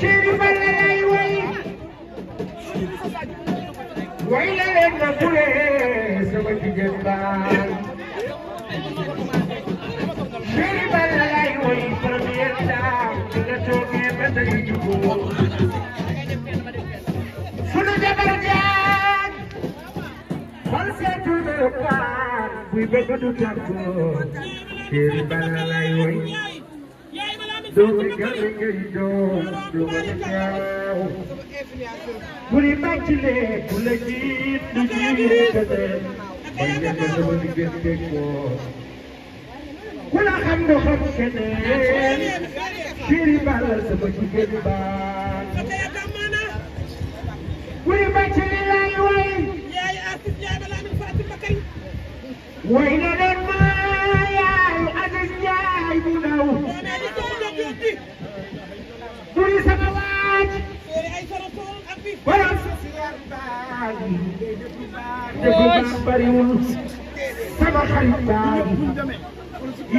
Sëriñ Balla lay way way la leen ma bule sama jigéen baal Sëriñ Balla lay way premier temps bi nga toogee ba tey juboo sunu jabar jaan xol seetu na paan buy bëgg du tàggoo Sëriñ Balla lay way ดูมันเกิดยืนดูดูมันแก้วบุรีแม่ชิเล่บุรีจีนดูจีนกันเลยบุรีแม่ดูมันเกิดเด็กวัวคุณอาคันดูคันกันเลยชีริบาลสมุทรเกิดบ้านบุรีแม่ชิเล่ไล่ไว้ยายอาสิบยายบาลานุฟาติมาไกวายนั่นมา sama waaj borom déglu baax bariwul sama xarit baax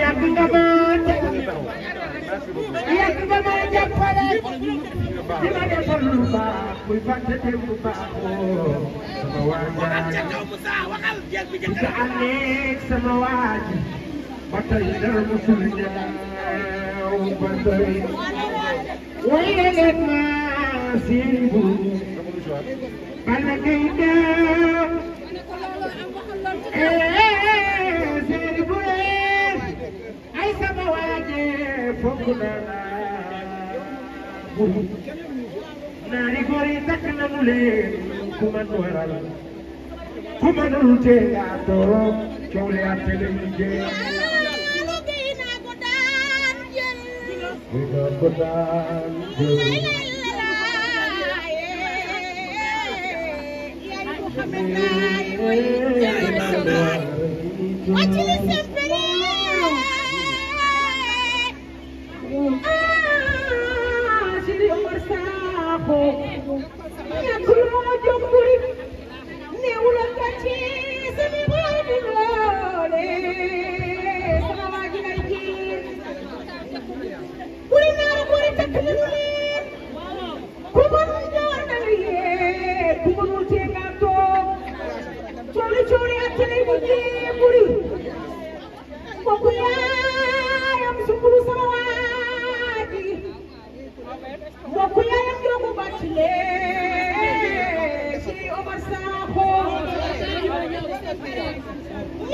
yàgg nga ma yàgg nga ma jàppale di ma defal lu baax muy fàtte te lu baaxoo sama waaj sa àlleeg sama waaj ba tey dara musul ñaaw ba tey ويلك نصيب فلقينا سيد بوليس أي سمواجه فوقنا ناري غوري تكنا مولين كمان ورالا كمان رجع دورو كولي أتلمجي Thank you. Buri kooku yaayam sumbulu sama waa ji kooku yaayam joogu bàcc lee si Omar Sakho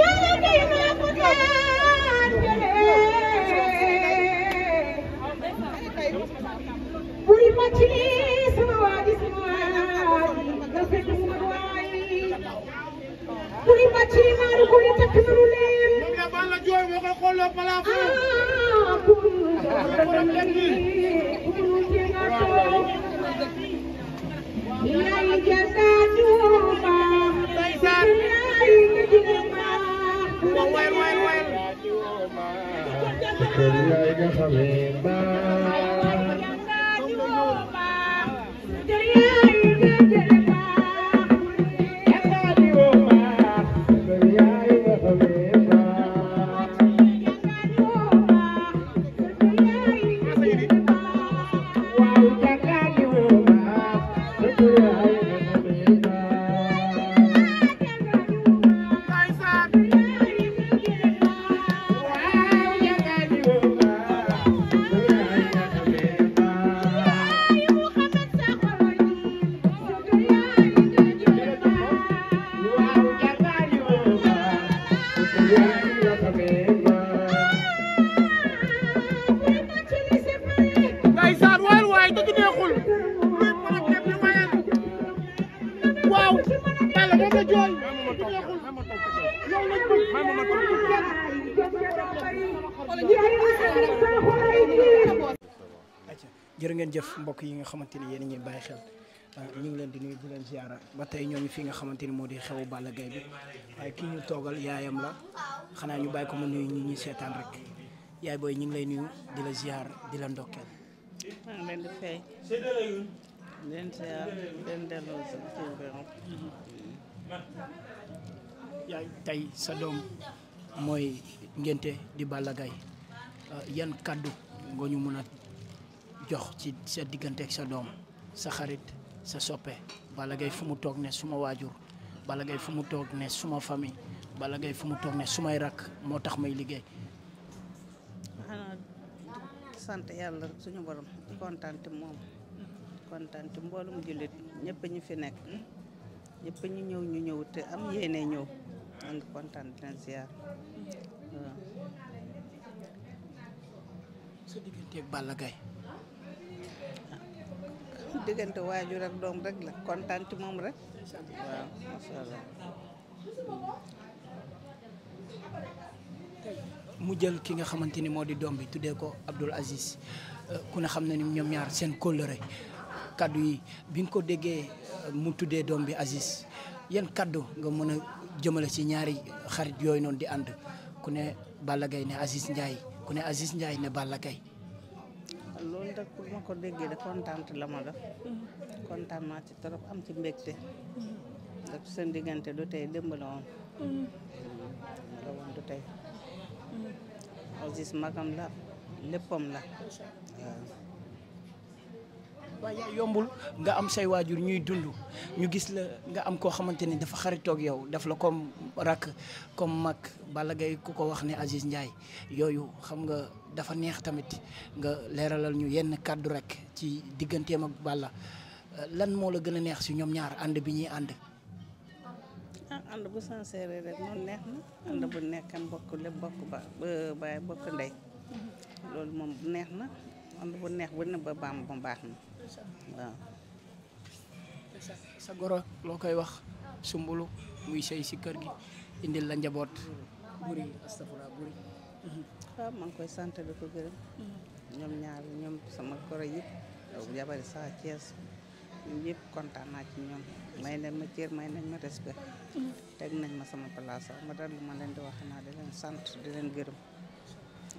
yaayam day maa ko daan jëlee Buri bàcc lee kuy màcc naaru kuy takk naaru leen. ñoom yaa baal la jooy ah, moo koy xooloo balaa fo. ah pour yaay jasaatu ma. yaay jasaatu ma. waay waay waay. yaay nga xamee ba. jërë ngeen jëf mbokk yi nga xamante ni yéen ñuy bàyyi xel ah, ñu ngi leen di nuyu di leen ziara ba tey ñoo fi nga xamante ni moo di xewu Balla Gaye bi waaye kii ñu toogal yaayam la xanaa ñu bàyyi ko mu nuyu ñi ñuy seetaan rek yaay booy ñu ngi lay nuyu di la ziar di la ndokkeel. leen di yaay tey sa doom mooy ngénte di Balla euh, yan kàddu nga ñu mën a jox ci sa diggante ak sa doom sa xarit sa soppe Balla Gaye fu mu toog ne suma waajur Balla Gaye fu mu toog ne suma famille Balla Gaye fu mu toog ne sumay rakk moo tax may liggéey sant yàlla suñu borom kontaan te moom kontaan te mboolum jullit ñëpp ñi fi nekk ñëpp ñu ñëw ñu ñëw te am yéene ñëw ñu ngi kontaan dina ziar sa diggante ak Balla Gaye ah, diggante waajur ak doom rek la kontaan ci moom rek waaw macha allah. mu jël ki nga xamante ni moo di doom bi tuddee ko Abdoul Aziz euh, ku ne xam na ni ñoom ñaar seen kóllëre kaddu yi bi nga ko déggee euh, mu tuddee doom bi Aziz yan kàddu nga mën a jëmale ci ñaari xarit yooyu noonu di ànd ku ne Balla Gaye ne Aziz Ndiaye ku ne Aziz Ndiaye ne Balla loolu nag pour ko déggee da kontaan la ma def. Mm-hmm. kontaan naa ci trop am ci mbégte. Mm-hmm. ndax seen diggante du tey démb la woon. Mm-hmm. la. waaye yombul nga am say waajur ñuy dund ñu gis la nga am koo xamante ni dafa xaritoog yow daf la comme rakk comme mag Balla Gaye ku ko wax ne Aziz Ndiaye yooyu xam nga dafa neex tamit nga leeralal ñu yenn kàddu rek ci digganteem ak Balla lan moo la gën a neex si ñoom ñaar ànd bi ñuy ànd. ah bu neex na bu nekk am ba baay mm-hmm. loolu moom neex na ànd bu neex bu ne ba baam ba na. waaw sa goro loo koy wax sumbulu muy sëy si kër gi indil la njaboot buri astafurlah buri waaw ah, maa ngi koy sant di ko gërëm ñoom ñaar ñoom sama goro yëpp jabari saa Thiès ñoom yëpp kontaan naa ci ñoom may nañ ma cër may nañ ma respect teg nañ ma sama place ma dal lu ma leen di wax naa di leen sant di leen gërëm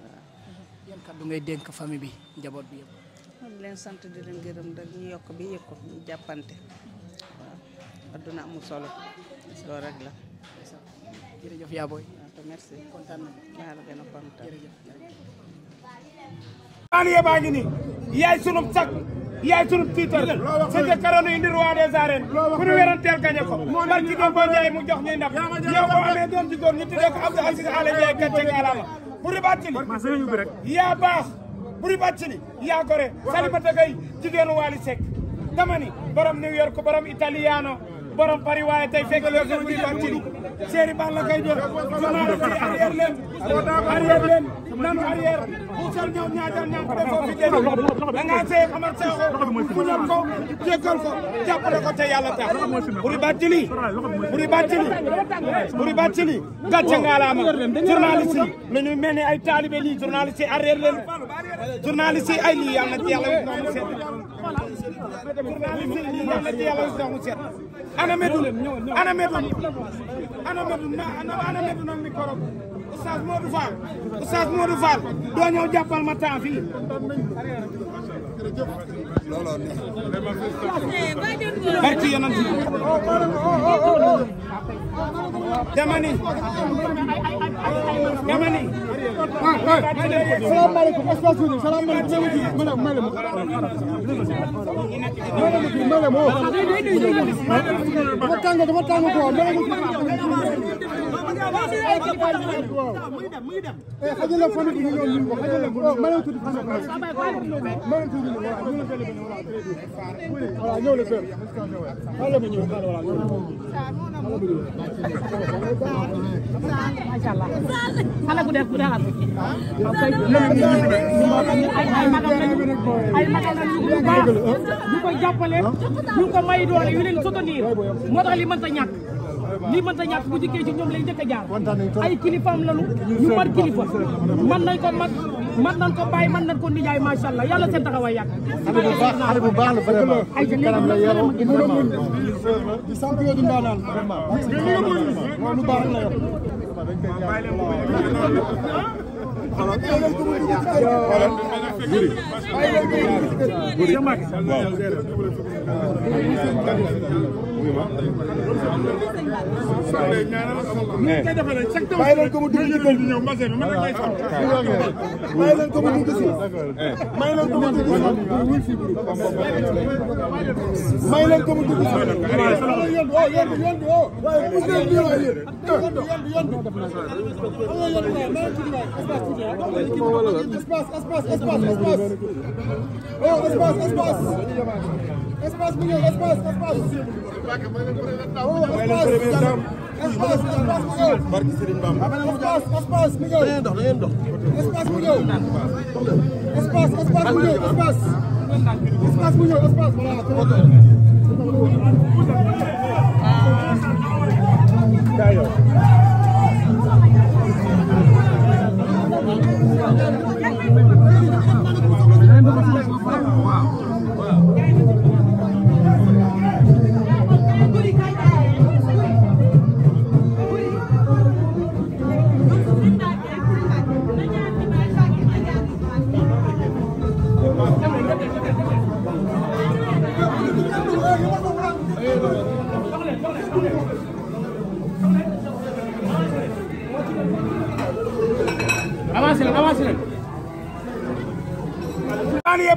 waaw yan kàddu ngay dénk famille bi njaboot bi yëpp di leen sant di leen gërëm rek ñu yokk bi yëg ko ñu jàppante waaw adduna amul solo loolu rek la. jërëjëf yaa booy. merci kontaan na yaa la gën a kontaan jërëjëf. maan yee baa ngi nii yaay sunu sag yaay sunu tiitar c'était karanu indi roi des arènes ku ñu weranteel gañe ko barki doom boo Ndiaye mu jox ñuy ndam yow boo amee doom ci ñu tuddee ko Abdou Aziz Ala Ndiaye gàcce ak alama bu ribatil yaa baax Boury Bathily yaa gore Salimata Gaye jigéenu Wally Seck dama ni borom New York borom Italiano borom Paris waaye tey fekk na ko Boury Bathily Séeri Balla Gaye do journaliste yi arrière leen arrière leen nanu arrière buusal ñoom ñaajal ñaan ko ay taalibe lii journaliste yi arrière leen journaliste yi ay lii yàlla na ci yàlla wut ndox mu set. journaliste yi lii yàlla na ci yàlla wut ndox mu set. ana Médoune ana Médoune ana Médoune ana Médoune ak micro bi. Oustaz Modou Fall Oustaz Modou Fall doo ñëw jàppal ma temps fii. looloo neex. barki yonent bi. dama ni dama ni. salaamaaleykum espace bi salaamaaleykum madame Malem Malem dafa tàng dafa tàng quoi muy dem muy dem xajale fan bi ñu ñëw ñu ko xajale ma lay tudd fan bi ma lay tudd voilà ñu la jël voilà ñëw la sœur xala bu ñëw xala voilà ma sha Allah xala bu def bu dal ay ay magam lañu ay magam lañu bu baax ñu ko jàppale ñu ko may doole yu leen soutenir moo tax li mën ta ñàkk lii mën ta ñàkk bu jëkkee ci ñoom lay njëkk a jaar ay kilifaam lañu ñu mat kilifa man nañ ko mag man nañ ko bàyyi man nañ ko nijaay macha allah yàlla seen taxawaay yàgg xale bu baax la vraiment ay kanam la yaroo di sant yooyu ndaanaan vraiment lu baax la yor buri buri bàyyi leen ko mu dugg ci kër gi. bàyyi leen ko mu dugg si. bàyyi leen ko mu dugg si. bàyyi leen ko mu dugg si. espace espace espace espace. espace bu ñëw espace espace. Oh, espace bu ñëw. espace bu ñëw. espace espace bu ñëw espace. espace bu ñëw espace voilà.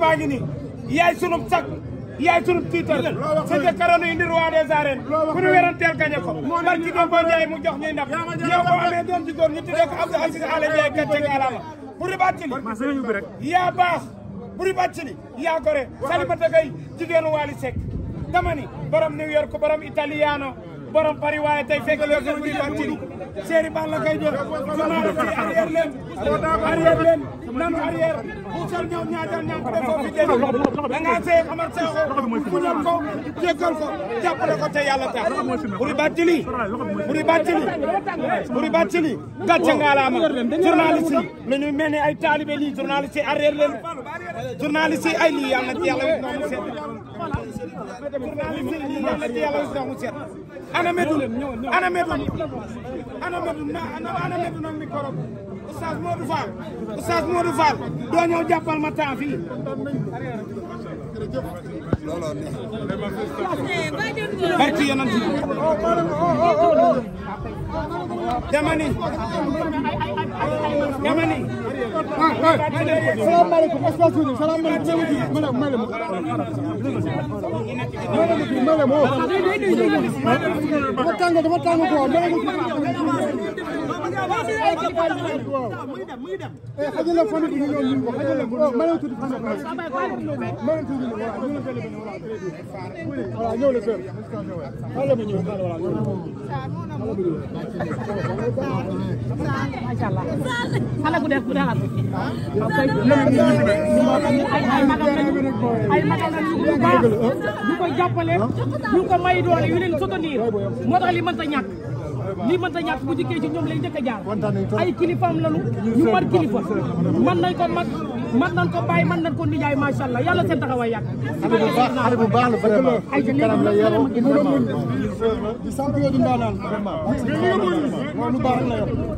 baa ngi nii yaay sunub sag yaay sunub tiitar si te karanu indi roi des arènes ku ñu weranteel gañe ko barki doom boo njaay mu jox ñuy ndam yow boo amee doom ci góor ñu tuddee ko Abdou Aziz Aly Ndiaye gàcce nga alama buri bàttili yaa baax buri bàttili yaa gore Salimata Gaye jigéenu Wally Seck dama ni New York borom Italiano borom Paris tey fekk yow buri bàttili Serigne Balla Gaye Diop journaliste yi arrière leen arrière leen nanu arrière bu sol ñëw ñaajal ñaan ko defoo fi génn da ngaa see xamal seexo ku ñam ko jéggal ko jàppale ko te yàlla tax buri battili buri battili buri battili gàcce ngaalaama journaliste yi lu ñu mel ni ay taalibe lii journaliste yi arrière leen journaliste yi ay lii yàlla na ci yàlla wet noonu seen ana Medoune ana Medoune ana Medoune ana Medoune ak micro bi Oustaz Modou Fall Oustaz Modou Fall doo ñëw jàppal ma temps fii. barki yonent bi dama ni salaamaaleykum espace bi salaamaaleykum ma ne ma ne ma. ma ne ma. dafa tàng dafa tàng quoi ma ne ma. muy dem muy dem xajala fan bi ñu ñëw ñu ko xajala ma lay tudd fan ma lay tudd wala ñu la télé wala ñëw le fer wala ma ñëw wala ñëw masha Allah xale bu def bu dara ay magam lañu ay magam lañu bu baax ñu koy jàppale ñu ko may doole yu leen soutenir moo tax li mën ta ñàkk lii mën ta ñàkk bu jikkee ci ñoom lay njëkk a jaar ay kilifaam lanu ñu mar kilifa man nañ ko mag man nañ ko bàyyi man nañ ko nijaay macha allah yàlla seen taxawaay yàgg. xale bu baax la vraiment. ay ci kanam la yoroo di mën a mën. di sant yooyu di ndaanaan vraiment. waaw lu baax la yor. alors.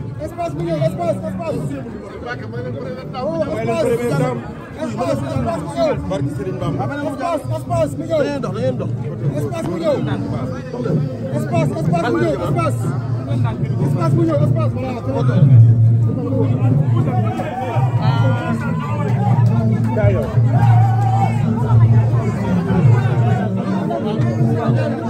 espace bu ñëw espace espace. espace bu ñëw espace bu ñëw. espace espace bu ñëw espace. espace bu ñëw espace voilà.